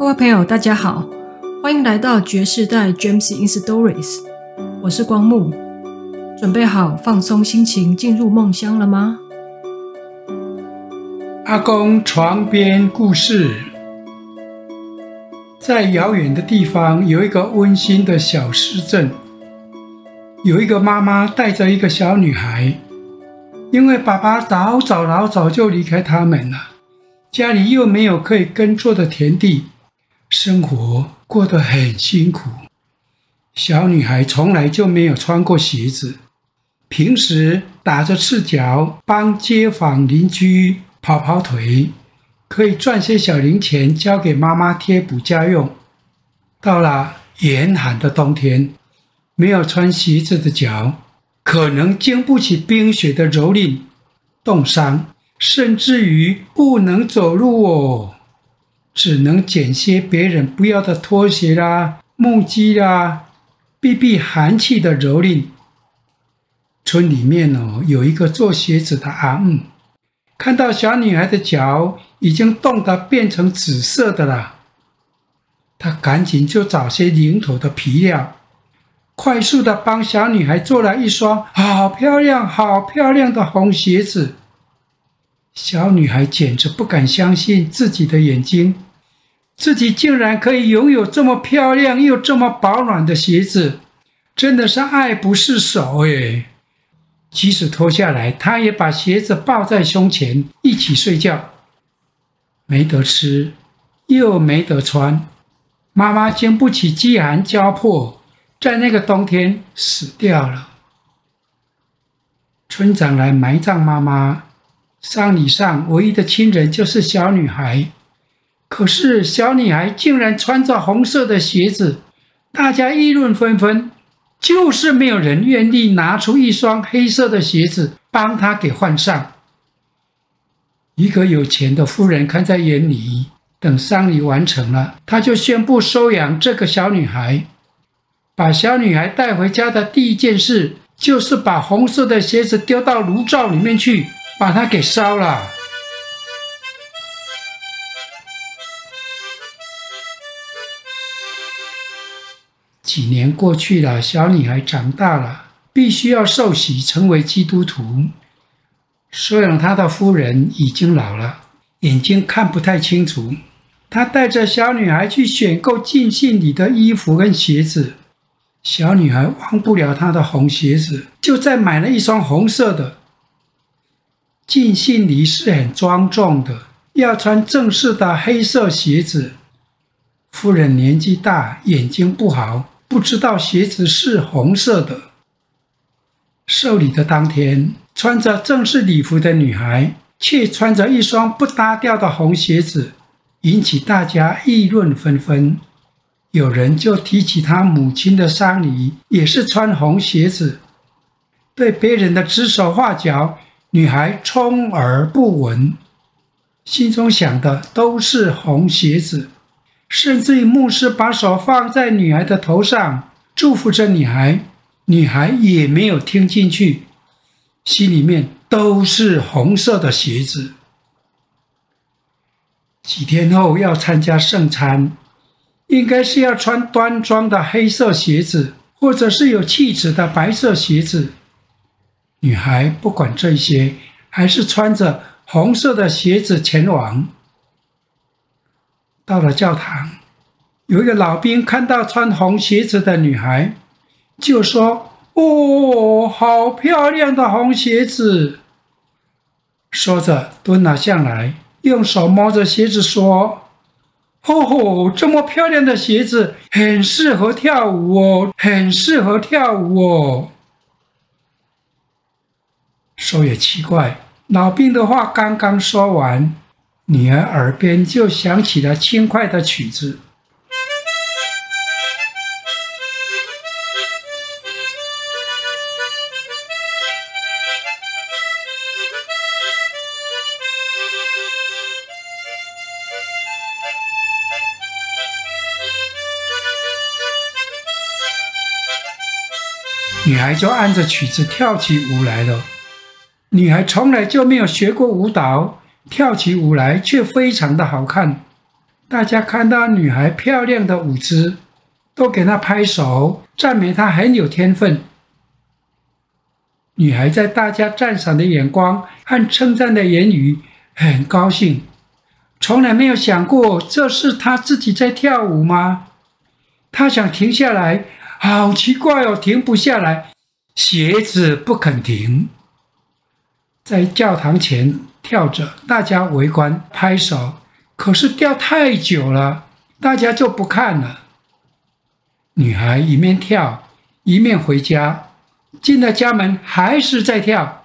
各位朋友，大家好，歡迎來到覺世代 Gems in Stories，我是光木，準備好放鬆心情進入夢鄉了嗎？阿公床邊故事，在遙遠的地方有一個溫馨的小市鎮，有一個媽媽帶着一個小女孩，因為爸爸老早老早就離開他們了，家裡又沒有可以耕作的田地。生活過得很辛苦，小女孩從來就沒有穿過鞋子，平時打着赤腳幫街坊鄰居跑跑腿，可以賺些小零錢交給媽媽貼補家用。到了嚴寒的冬天，沒有穿鞋子的腳可能經不起冰雪的蹂躪、凍傷，甚至於不能走路哦。只能撿些別人不要的拖鞋啦、木屐啦，避避寒氣的蹂躪。村裡面哦，有一個做鞋子的阿姆，看到小女孩的腳已經凍得變成紫色的了，他趕緊就找些零頭的皮料，快速的幫小女孩做了一雙好漂亮、好漂亮的紅鞋子。小女孩簡直不敢相信自己的眼睛。自己竟然可以擁有這麼漂亮，又這麼保暖的鞋子，真的是愛不釋手誒。即使脫下來，她也把鞋子抱在胸前一起睡覺。沒得吃，又沒得穿，媽媽經不起飢寒交迫，在那個冬天死掉了。村長來埋葬媽媽，葬禮上唯一的親人就是小女孩。可是小女孩竟然穿着紅色的鞋子，大家議論紛紛，就是沒有人願意拿出一雙黑色的鞋子幫她給換上。一個有錢的夫人看在眼裡，等喪禮完成了，她就宣布收養這個小女孩。把小女孩帶回家的第一件事，就是把紅色的鞋子丟到爐灶裡面去，把它給燒了。幾年過去了，小女孩長大了，必須要受洗成為基督徒。收養她的夫人已經老了，眼睛看不太清楚。他帶着小女孩去選購進信禮的衣服跟鞋子。小女孩忘不了她的紅鞋子，就再買了一雙紅色的。進信禮是很莊重的，要穿正式的黑色鞋子。夫人年紀大，眼睛不好。不知道鞋子是紅色的。受禮的當天，穿着正式禮服的女孩卻穿着一雙不搭調的紅鞋子，引起大家議論紛紛。有人就提起她母親的喪禮也是穿紅鞋子，對別人的指手畫腳，女孩充耳不聞，心中想的都是紅鞋子。甚至於牧師把手放在女孩的頭上，祝福着女孩。女孩也沒有聽進去，心裡面都是紅色的鞋子。幾天後要參加聖餐，應該是要穿端莊的黑色鞋子，或者是有氣質的白色鞋子。女孩不管這些，還是穿着紅色的鞋子前往。到了教堂，有一個老兵看到穿紅鞋子的女孩，就說：“哦，好漂亮的紅鞋子！”說着蹲了下來，用手摸着鞋子說：“哦吼、哦，這麼漂亮的鞋子，很適合跳舞哦，很適合跳舞哦。”說也奇怪，老兵的話剛剛說完。女兒耳邊就響起了輕快的曲子，女孩就按着曲子跳起舞來了。女孩從來就沒有學過舞蹈。跳起舞來卻非常的好看，大家看到女孩漂亮的舞姿，都給她拍手，讚美她很有天分。女孩在大家讚賞的眼光和稱讚的言語，很高興。從來沒有想過這是她自己在跳舞嗎？她想停下來，好奇怪哦，停不下來，鞋子不肯停。在教堂前跳着，大家圍觀拍手。可是跳太久了，大家就不看了。女孩一面跳一面回家，進了家門還是在跳。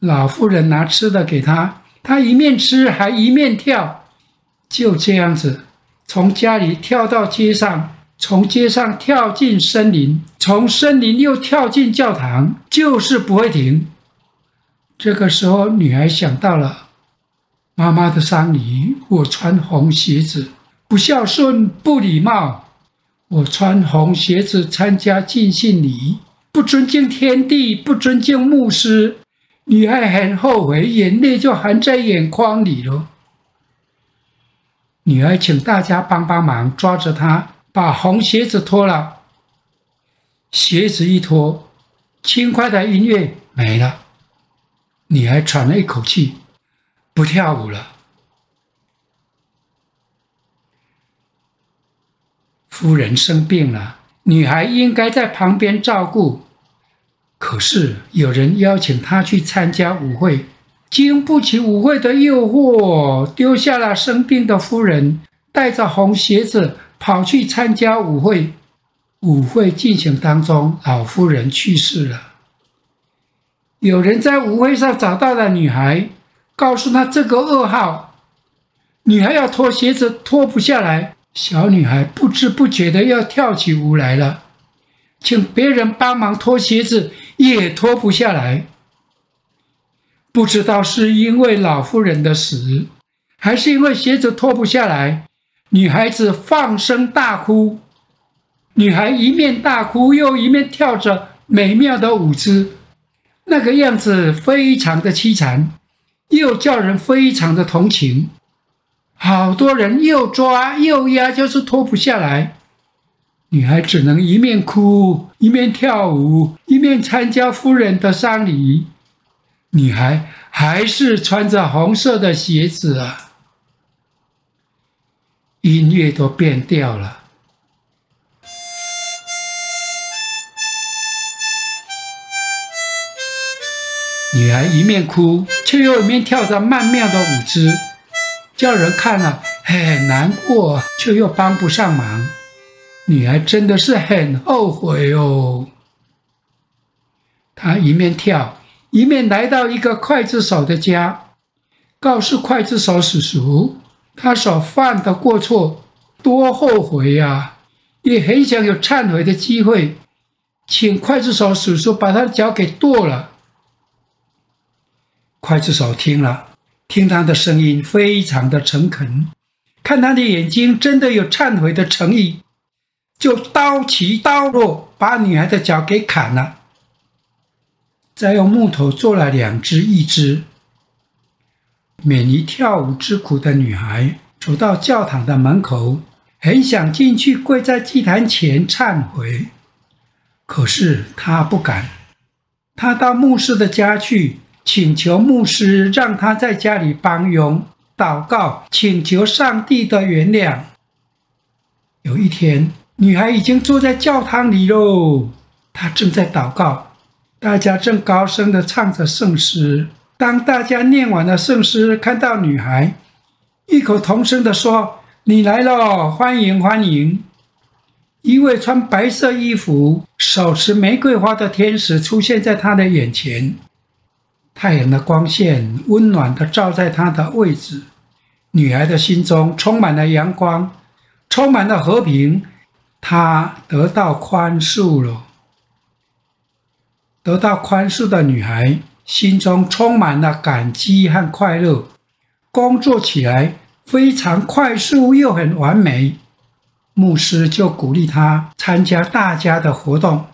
老婦人拿吃的給她，她一面吃還一面跳。就這樣子，從家裡跳到街上，從街上跳進森林，從森林又跳進教堂，就是不會停。這個時候，女孩想到了媽媽的喪禮，我穿紅鞋子，不孝順，不禮貌。我穿紅鞋子參加堅信禮，不尊敬天地，不尊敬牧師。女孩很後悔，眼淚就含在眼眶裡了。女兒，請大家幫幫忙，抓着她，把紅鞋子脫了。鞋子一脫，輕快的音樂沒了。女孩喘了一口氣，不跳舞了。夫人生病了，女孩應該在旁邊照顧。可是有人邀請她去參加舞會，經不起舞會的誘惑，丟下了生病的夫人，帶着紅鞋子跑去參加舞會。舞會進行當中，老夫人去世了。有人在舞會上找到了女孩，告訴她這個噩耗。女孩要脫鞋子，脫不下來。小女孩不知不覺地要跳起舞來了，請別人幫忙脫鞋子，也脫不下來。不知道是因為老婦人的死，還是因為鞋子脫不下來，女孩子放聲大哭。女孩一面大哭，又一面跳着美妙的舞姿。那個樣子非常的淒慘，又叫人非常的同情。好多人又抓又壓，就是脫不下來。女孩只能一面哭，一面跳舞，一面參加夫人的喪禮。女孩還是穿着紅色的鞋子啊，音樂都變調了。女兒一面哭，卻又一面跳着曼妙的舞姿，叫人看了很難過，卻又幫不上忙。女兒真的是很後悔哦。她一面跳，一面來到一個劊子手的家，告訴劊子手叔叔，他所犯的過錯，多後悔呀、啊！也很想有懺悔的機會，請劊子手叔叔把他的腳給剁了。劊子手聽了，聽他的聲音非常的誠懇，看他的眼睛真的有懺悔的誠意，就刀起刀落把女孩的腳給砍了，再用木頭做了兩隻義肢，免於跳舞之苦的女孩走到教堂的門口，很想進去跪在祭壇前懺悔，可是她不敢，她到牧師的家去。請求牧師讓他在家裡幫傭，禱告、請求上帝的原諒。有一天，女孩已經坐在教堂裡嘍，她正在禱告，大家正高聲的唱着聖詩。當大家念完了聖詩，看到女孩，異口同聲的說：“你來了，歡迎歡迎！”一位穿白色衣服、手持玫瑰花的天使出現在她的眼前。太陽的光線溫暖地照在她的位置，女孩的心中充滿了陽光，充滿了和平。她得到寬恕了。得到寬恕的女孩心中充滿了感激和快樂，工作起來非常快速又很完美。牧師就鼓勵她參加大家的活動。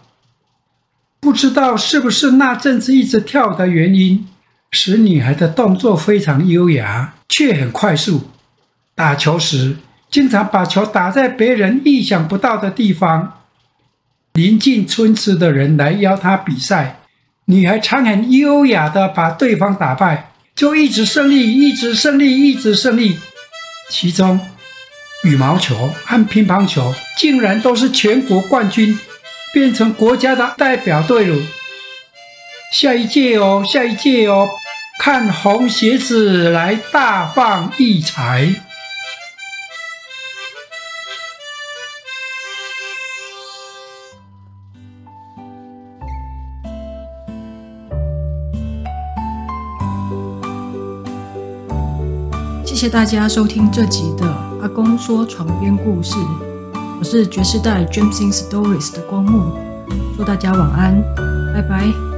不知道是不是那陣子一直跳的原因，使女孩的動作非常優雅，卻很快速。打球時，經常把球打在別人意想不到的地方。臨近村子的人來邀她比賽，女孩常很優雅地把對方打敗，就一直勝利，一直勝利，一直勝利。其中，羽毛球和乒乓球竟然都是全國冠軍。變成國家的代表隊伍，下一屆哦，下一屆哦，看紅鞋子來大放異彩。謝謝大家收聽這集的阿公說床邊故事。我是覺世代 Gems in stories 的光幕，祝大家晚安，拜拜。